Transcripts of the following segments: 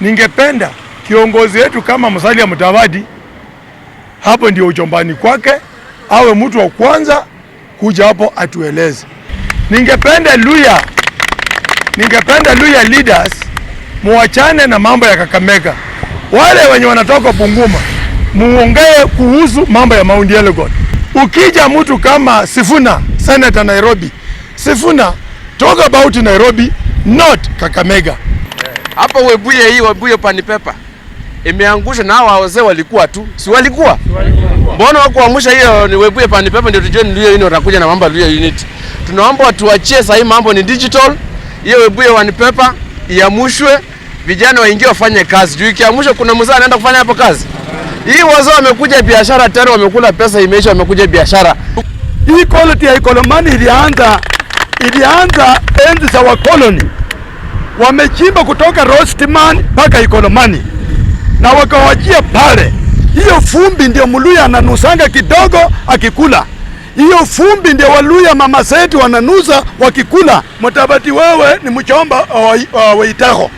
Ningependa kiongozi wetu kama Musalia Mudavadi, hapo ndio uchombani kwake, awe mtu wa kwanza kuja hapo atueleze. Ningependa Luya, ningependa Luya leaders muachane na mambo ya Kakamega wale wenye wanatoka Bungoma muongee kuhusu mambo ya Mount Elgon. Ukija mtu kama Sifuna, Senator Nairobi, Sifuna talk about Nairobi not Kakamega. Hapa Webuye hii Webuye pani pepa imeangusha na hawa wazee walikuwa tu si walikuwa mbona wakuangusha hiyo ni Webuye pani pepa, ndio tujue ndio hiyo itakuja na mambo ya unit. Tunaomba watuachie sasa, hii mambo ni digital. Hiyo Webuye wanipepa iamushwe vijana waingie wafanye kazi juu ikiamshwa kuna mzee anaenda kufanya hapo kazi. Hii wazee wamekuja biashara tena, wamekula pesa imeisha, wamekuja biashara. Hii quality ya ikolomani ilianza ilianza enzi za wakoloni, wamechimba kutoka Rostman mpaka ikolomani na wakawajia pale. Hiyo fumbi ndio mluya ananusanga kidogo akikula hiyo fumbi ndio Waluya mama zetu wananuza wakikula. Mtabati wewe ni mchomba wa waitaho wa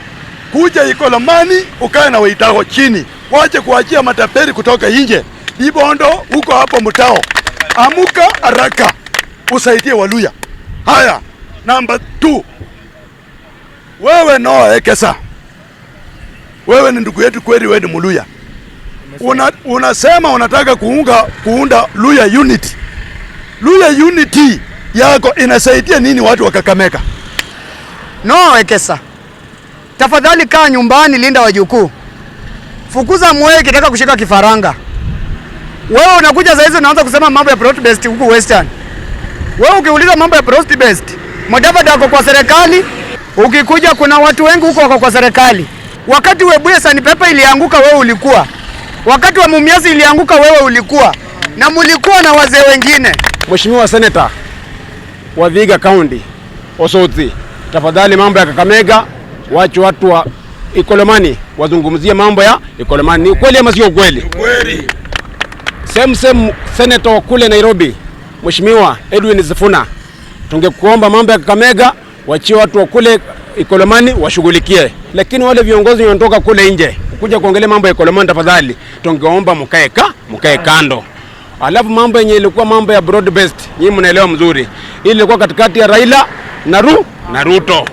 kuja Ikolomani ukae na waitao chini, wache kuachia matapeli kutoka nje. Ibondo huko hapo mtao, amuka haraka usaidie Waluya. Haya, namba 2 wewe Noah Ekesa, wewe ni ndugu yetu kweli, wewe ni Muluya. Una, unasema unataka kuunga kuunda Luya unit. Luya unity yako inasaidia nini watu wa Kakamega? Ekesa Tafadhali kaa nyumbani, linda wajukuu, fukuza mweke ikitaka kushika kifaranga. Wewe unakuja saizi unaanza kusema mambo ya protest based huku Western. Wewe ukiuliza mambo ya protest based, Mudavadi ako kwa serikali, ukikuja kuna watu wengi huko wako kwa serikali. Wakati Webuye Sanipepa ilianguka wewe ulikuwa. Wakati wa Mumias ilianguka wewe ulikuwa. Na mulikuwa na wazee wengine. Mheshimiwa Senator wa Vihiga County, Osotsi, tafadhali mambo ya Kakamega wache watu wa Ikolomani wazungumzie mambo ya Ikolomani. Ni ukweli ama sio ukweli? Same same senator kule Nairobi, Mheshimiwa Edwin Sifuna, tungekuomba mambo ya Kakamega wachie watu wa kule Ikolomani washughulikie, lakini wale viongozi wanatoka kule nje kuja kuongelea mambo ya Ikolomani, tafadhali tungeomba mkae ka mkae kando. Alafu mambo yenye ilikuwa mambo ya broad based, nyinyi mnaelewa mzuri, ili ilikuwa katikati ya Raila na Ru na Ruto.